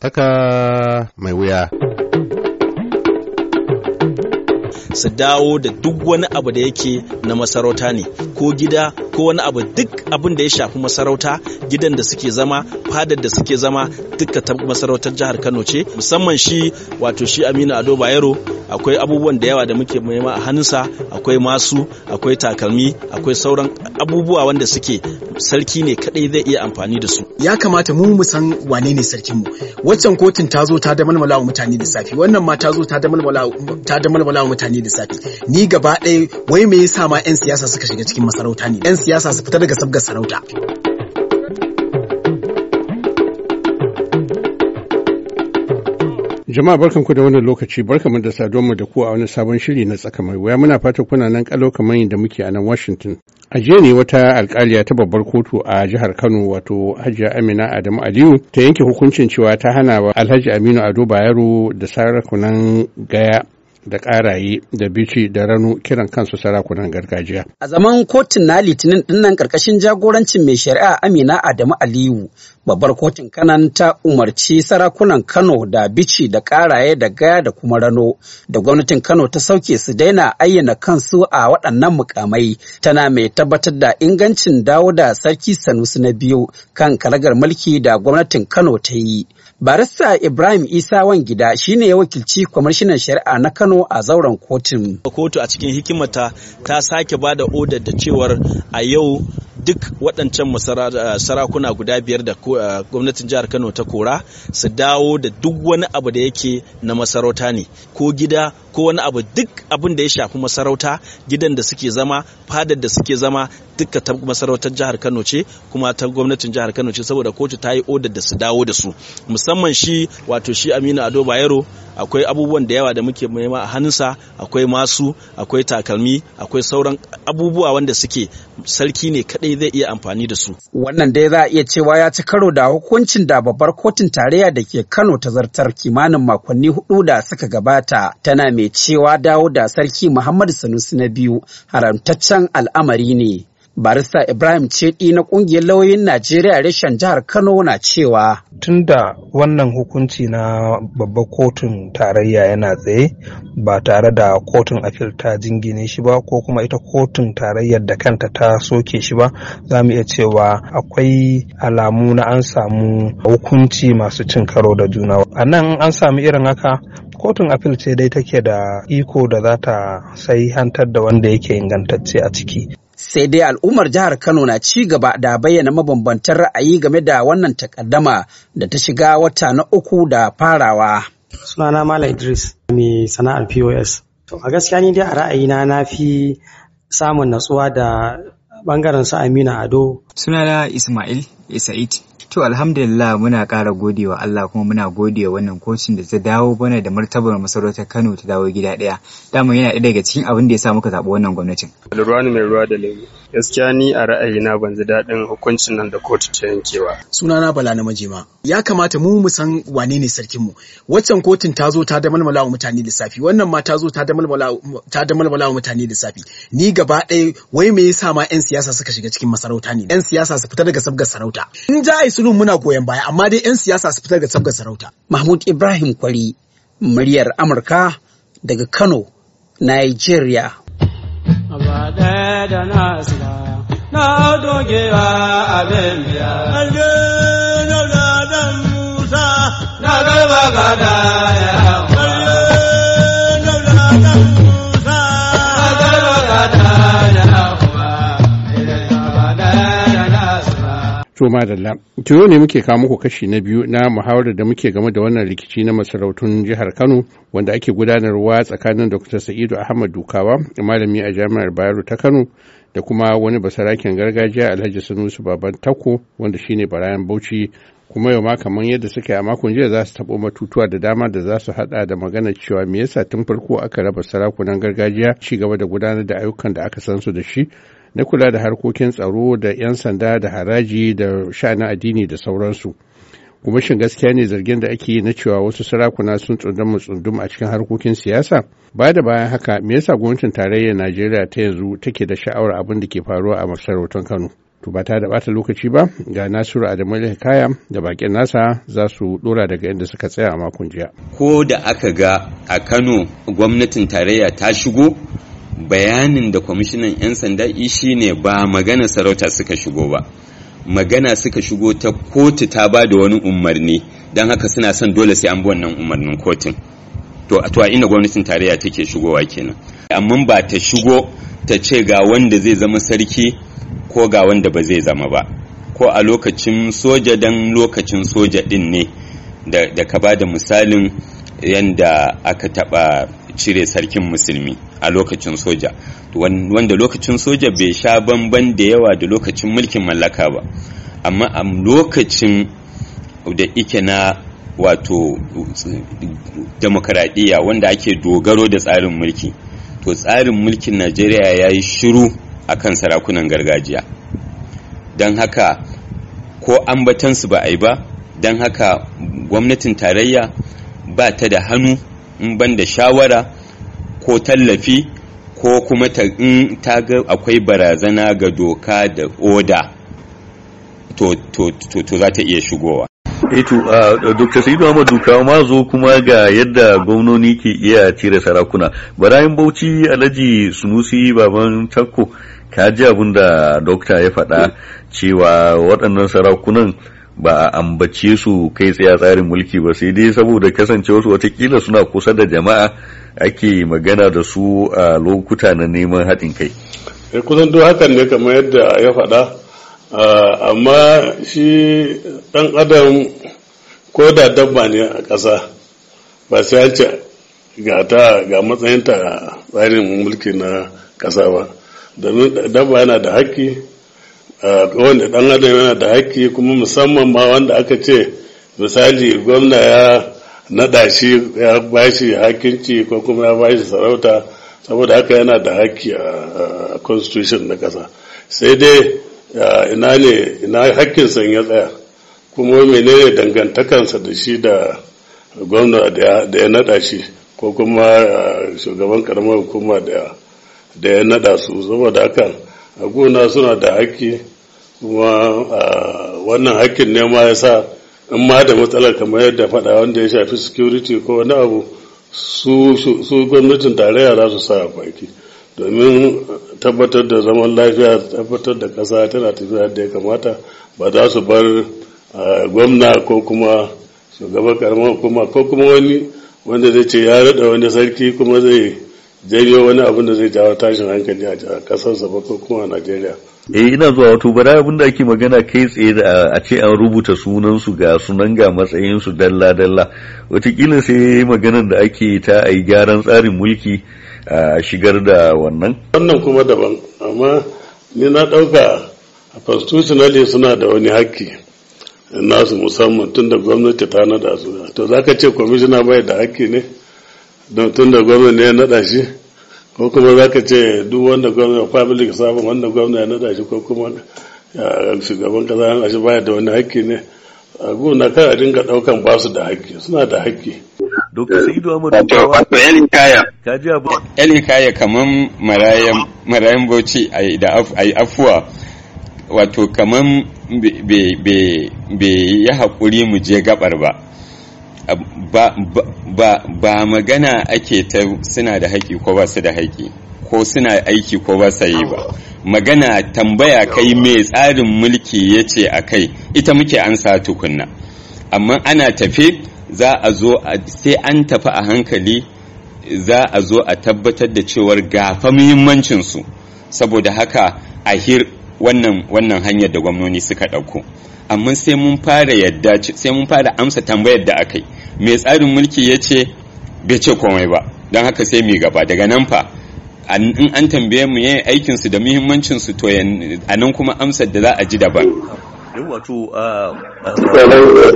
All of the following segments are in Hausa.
tsaka mai wuya. su dawo da duk wani abu da yake na masarauta ne ko gida ko wani abu duk abin da ya shafi masarauta gidan da suke zama fadar da suke zama duka ta masarautar jihar Kano ce musamman shi wato shi Aminu Ado Bayero akwai abubuwan da yawa da muke nema a hannunsa akwai masu akwai takalmi akwai sauran abubuwa wanda suke sarki ne kadai zai iya amfani da su ya kamata mu mu san wane ne sarkin mu waccan kotun ta zo ta da malmala wa mutane da safi wannan ma ta zo ta da malmala ta da malmala wa mutane da safi ni gaba ɗaya wai me yasa ma yan siyasa suka shiga cikin masarauta ne yan siyasa su fita daga sabgar sarauta Jama'a barkan ku da wannan lokaci mu da mu da ku a wani sabon shiri na tsaka mai muna fata kuna nan kalau kamar yadda muke a nan Washington. A jiya ne wata alkaliya ta babbar kotu a jihar Kano wato Hajiya Amina Adamu Aliyu ta yanke hukuncin cewa ta hana wa Alhaji Aminu Ado Bayero da sarakunan Gaya da ƙaraye da bici da ranu kiran kansu sarakunan gargajiya. A zaman kotun na litinin dinnan karkashin jagorancin mai shari'a Amina Adamu Aliyu, babbar kotun kanan ta umarci sarakunan Kano da bici da ƙaraye da gaya da kuma rano da gwamnatin Kano ta sauke su daina ayyana kansu a waɗannan mukamai tana mai tabbatar da ingancin dawo da sarki Sanusi na biyu kan kalagar mulki da gwamnatin Kano ta yi. Barista Ibrahim Isa Wangida shine ya wakilci kwamishinan shari'a na Kano a zauren kotun. Kotu a cikin hikimata ta sake ba da odar da cewar a yau duk waɗancan sarakuna guda biyar da eh, gwamnatin jihar Kano ta kora su dawo da duk wani abu da yake na masarauta ne ko gida ko wani abu duk abin da ya shafi masarauta gidan da suke zama fadar da suke zama duka ta masarautar jihar Kano ce kuma ta gwamnatin jihar Kano ce saboda kotu ta yi odar da su dawo da su musamman shi wato shi Aminu Ado Bayero akwai abubuwan da yawa da muke nema a hannunsa akwai masu akwai takalmi akwai sauran abubuwa wanda suke sarki ne kadai zai iya amfani da su wannan dai za a iya cewa ya ci karo da hukuncin da babbar kotun tarayya da ke Kano ta zartar kimanin makonni hudu da suka gabata tana mai cewa dawo da sarki Muhammadu Sanusi na biyu haramtaccen al'amari ne barista ibrahim cedi na kungiyar lauyoyin najeriya reshen jihar kano na cewa tun da wannan hukunci na babbar kotun tarayya yana tsaye ba tare da kotun afil ta jingine shi ba ko kuma ita kotun tarayyar da kanta ta soke shi ba za mu iya cewa akwai alamu na an samu hukunci masu cin karo da juna a nan an samu irin haka kotun apil ce dai take da iko da za ta sai hantar da wanda yake ingantacce a ciki sai dai al'ummar jihar kano na ci gaba da bayyana mabambantan ra'ayi game da wannan takaddama da ta shiga wata na uku da farawa sunana Malam idris mai sana'ar pos to a gaskiya ni dai a ra'ayina na fi samun natsuwa da bangaren su amina ado sunana ismail Isa'id. Eh, to alhamdulillah muna ƙara gode wa Allah kuma muna gode wa wannan kocin da ta dawo bana da martabar masarautar Kano ta dawo gida ɗaya. Dama yana ɗaya daga cikin abin da ya sa muka zaɓi wannan gwamnatin. Alruwani mai ruwa da lemu. Gaskiya ni a ra'ayina ban ji daɗin hukuncin nan da kotu ta yankewa. Sunana Bala na Majima. Ya kamata mu mu san wane ne sarkinmu. Waccan kotun ta zo ta da malmala wa mutane lissafi. Wannan ma ta zo ta da malmala wa mutane lissafi. Ni gaba ɗaya wai me sa ma 'yan siyasa suka shiga cikin masarauta ne. 'Yan siyasa su fita daga sabgar sarauta. Allah. in za a yi sulhu muna goyon baya amma dai 'yan siyasa su fitar da tsabgar sarauta mahmud ibrahim kwari muryar amurka daga kano nigeria na dogewa abin biya. na da Musa na gaba gada ya To madalla, to yau ne muke kawo muku kashi na biyu na muhawarar da muke game da wannan rikici na masarautun jihar Kano wanda ake gudanarwa tsakanin Dr. Sa'idu Ahmad Dukawa, malami a Jami'ar Bayero ta Kano da kuma wani basaraken gargajiya Alhaji Sanusi Baban Tako wanda shine Barayan Bauchi kuma yau ma kamar yadda suka yi a makon jiya za su taɓo matutuwa da dama da za su haɗa da magana cewa me yasa tun farko aka raba sarakunan gargajiya ci gaba da gudanar da ayyukan da aka san su da shi na kula da harkokin tsaro da 'yan sanda da haraji da sha'anin addini da sauransu kuma shin gaskiya ne zargin da ake yi na cewa wasu sarakuna sun tsundama tsundum a cikin harkokin siyasa ba da bayan haka me yasa gwamnatin tarayyar najeriya ta yanzu take da sha'awar abin da ke faruwa a masarautar kano to ba ta da bata lokaci ba ga nasiru adamu hikaya da bakin nasa za su dora daga inda suka tsaya a makon jiya ko da aka ga a kano gwamnatin tarayya ta shigo bayanin da kwamishinan 'yan sanda ishi ne ba magana sarauta suka shigo ba magana suka shigo ta kotu ta ba da wani umarni don haka suna son dole sai an bi wannan umarnin kotun to a ina gwamnatin tarayya take shigowa kenan amma ba ta shigo ta ce ga wanda zai zama sarki ko ga wanda ba zai zama ba ko a lokacin soja dan lokacin soja din ne da ka ba da misalin yadda aka taba cire sarkin musulmi a lokacin soja wanda lokacin soja bai sha bamban da yawa da lokacin mulkin mallaka ba amma a lokacin da ike na wato demokaradiyya wanda ake dogaro da tsarin mulki to tsarin mulkin najeriya ya yi shiru a kan sarakunan gargajiya don haka ko ambatansu ba a yi ba don haka gwamnatin tarayya ba ta da hannu in ban da shawara ko tallafi ko kuma in ta ga akwai barazana ga doka da oda to za ta iya shigowa eto eh ah, dr sa'idu ahmad ma zo kuma ga yadda gwamnoni ke iya cire sarakuna barayin bauchi alhaji sunusi baban takko ka ji abin da dokta ya faɗa eh. cewa waɗannan sarakunan ba a ambace su kai tsaye tsarin mulki ba sai dai saboda kasancewarsu watakila suna kusa da jama'a ake magana da su a lokuta na neman haɗin kai eh, kusan duk hakan ne kamar yadda ya faɗa ah, amma shi ɗan adam ko da dabba ne a ƙasa ba sai an ce ga ta ga matsayinta tsarin mulki na ƙasa ba domin dabba yana da haƙƙi wanda dan adam yana da haƙƙi kuma musamman ma wanda aka ce misali gwamna ya naɗa shi ya bashi hakinci ko kuma ya bashi sarauta saboda haka yana da haƙƙi a constitution na kasa sai dai ina ne ina san ya tsaya kuma menene dangantakansa da shi da gwamna da ya naɗa shi ko kuma shugaban karamar hukuma da ya naɗa su saboda haka a gona suna da haƙƙi kuma ah, wannan hakkin ne ma ya sa in ma da matsalar kamar yadda faɗa wanda ya shafi security ko wani abu su gwamnatin tarayya za su sa baki domin tabbatar da zaman lafiya tabbatar da ƙasa tana tafiya da ya kamata ba za su bar ah, gwamna ko kuma shugaban karamar hukuma ko kuma wani wanda zai ce ya rada wani sarki kuma zai daidai wani abin da zai jawo tashin hankali a kasarsa ba kuma a Najeriya. Eh ina zuwa wato bara abin da ake magana kai tsaye da a ce an rubuta sunansu ga sunan ga matsayinsu dalla dalla wataƙila sai maganar da ake ta a gyaran tsarin mulki a shigar da wannan. Wannan kuma daban amma ni na ɗauka constitutionally suna da wani haƙƙi nasu musamman tunda gwamnati ta nada su to zaka ce kwamishina bai da haƙƙi ne. don tun da gwamnati ne ya naɗa shi ko kuma za ka ce duk wanda gwamnati public sabon wanda gwamnati ya naɗa shi ko kuma shugaban kasa ya naɗa shi baya da wani hakki ne a gona kan a dinga ɗaukan ba su da hakki suna da hakki. Dokta Sa'idu Amadu Wato wato Elin Kaya. Ka ji abu. Elin Kaya kaman marayan marayan Bauchi ai da ai afuwa wato kaman bai yi haƙuri mu je gabar ba. ba magana ake ta suna da haƙi ko ba su da haƙi ko suna aiki ko ba sa yi ba magana tambaya kai mai tsarin mulki ya ce a kai ita muke an sa tukunna amma ana tafi za a zo sai an tafi a hankali za a zo a tabbatar da cewar gafa muhimmancinsu saboda haka a hir wannan hanyar da gwamnoni suka ɗauko amma sai mun fara yadda sai mun fara amsa tambayar da akai yi mai tsarin mulki ya ce bai ce komai ba don haka sai mu gaba daga nan fa in an tambaye mu yayin aikin da muhimmancin su to a nan kuma amsar da za a ji daban yau wato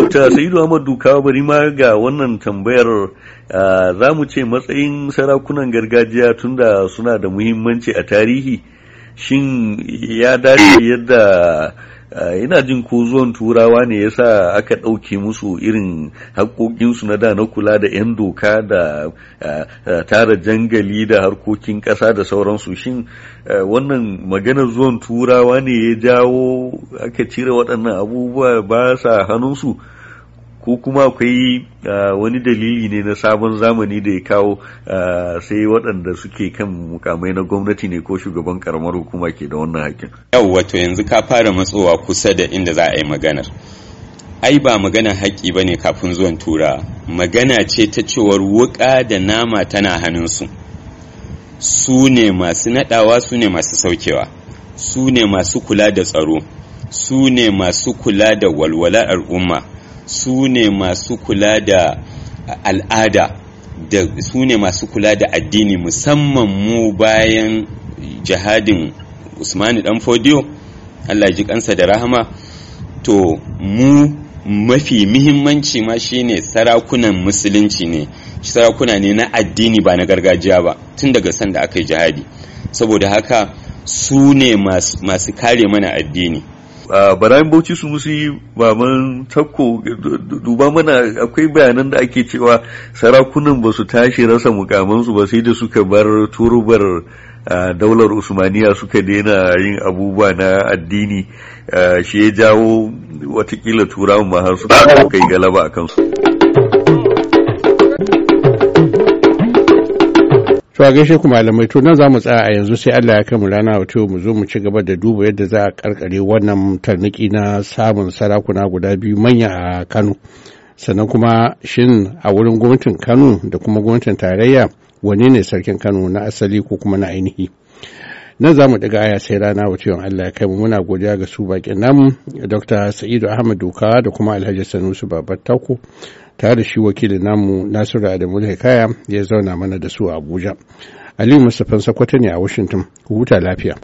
dr sayidu ahmadu kawo bari ma ga wannan tambayar za mu ce matsayin sarakunan gargajiya tunda suna da muhimmanci a tarihi shin ya dace yadda Eh, ina jin ko zuwan turawa ne ya sa aka ɗauke musu irin haƙoƙinsu na da na kula da 'yan doka da eh, eh, tara jangali da harkokin ƙasa da sauransu shin wannan maganar zuwan turawa ne ya jawo aka cire waɗannan abubuwa ba sa hannunsu ko kuma akwai wani dalili ne na sabon zamani da ya kawo sai waɗanda suke kan mukamai na gwamnati ne ko shugaban karamar hukuma ke da wannan hakin yau wato yanzu ka fara matsowa kusa da inda za a yi maganar ai ba magana haƙƙi ba ne kafin zuwan tura magana ce ta cewar wuƙa da nama tana hannunsu su ne masu naɗawa su ne masu saukewa su ne masu kula da tsaro su ne masu kula da walwalar al'umma su ne masu kula da al'ada da su ne masu kula da addini musamman mu bayan jihadin usmani dan fodiyo allah ji kansa da rahama to mu mafi muhimmanci ma shine sarakunan musulunci ne sarakuna ne na addini ba na gargajiya ba tun daga sanda aka yi jihadi saboda haka su ne masu kare mana addini barayin bauchi su musu baban tako duba mana akwai bayanan da ake cewa sarakunan ba su tashi rasa mukamansu ba sai da suka bar turubar daular usmaniya suka daina yin abubuwa na addini shi ya jawo watakila turawan ma har suka kai galaba a kansu. To a gaishe ku malamai to nan za mu tsaya a yanzu sai Allah ya kai mu rana wato mu zo mu ci gaba da duba yadda za a karkare wannan tarniki na samun sarakuna guda biyu manya a Kano. Sannan kuma shin a wurin gwamnatin Kano da kuma gwamnatin tarayya wane ne sarkin Kano na asali ko kuma na ainihi? nan za mu daga aya sai rana wato ciwon Allah ya kai mu muna godiya ga su bakin nan Dr. Sa'idu Ahmad Doka da kuma Alhaji Sanusi Babattako tare da shi wakilin namu nasiru adamu hikaya ya zauna mana da su a abuja aliyu mustapha sakwato ne a washington huta lafiya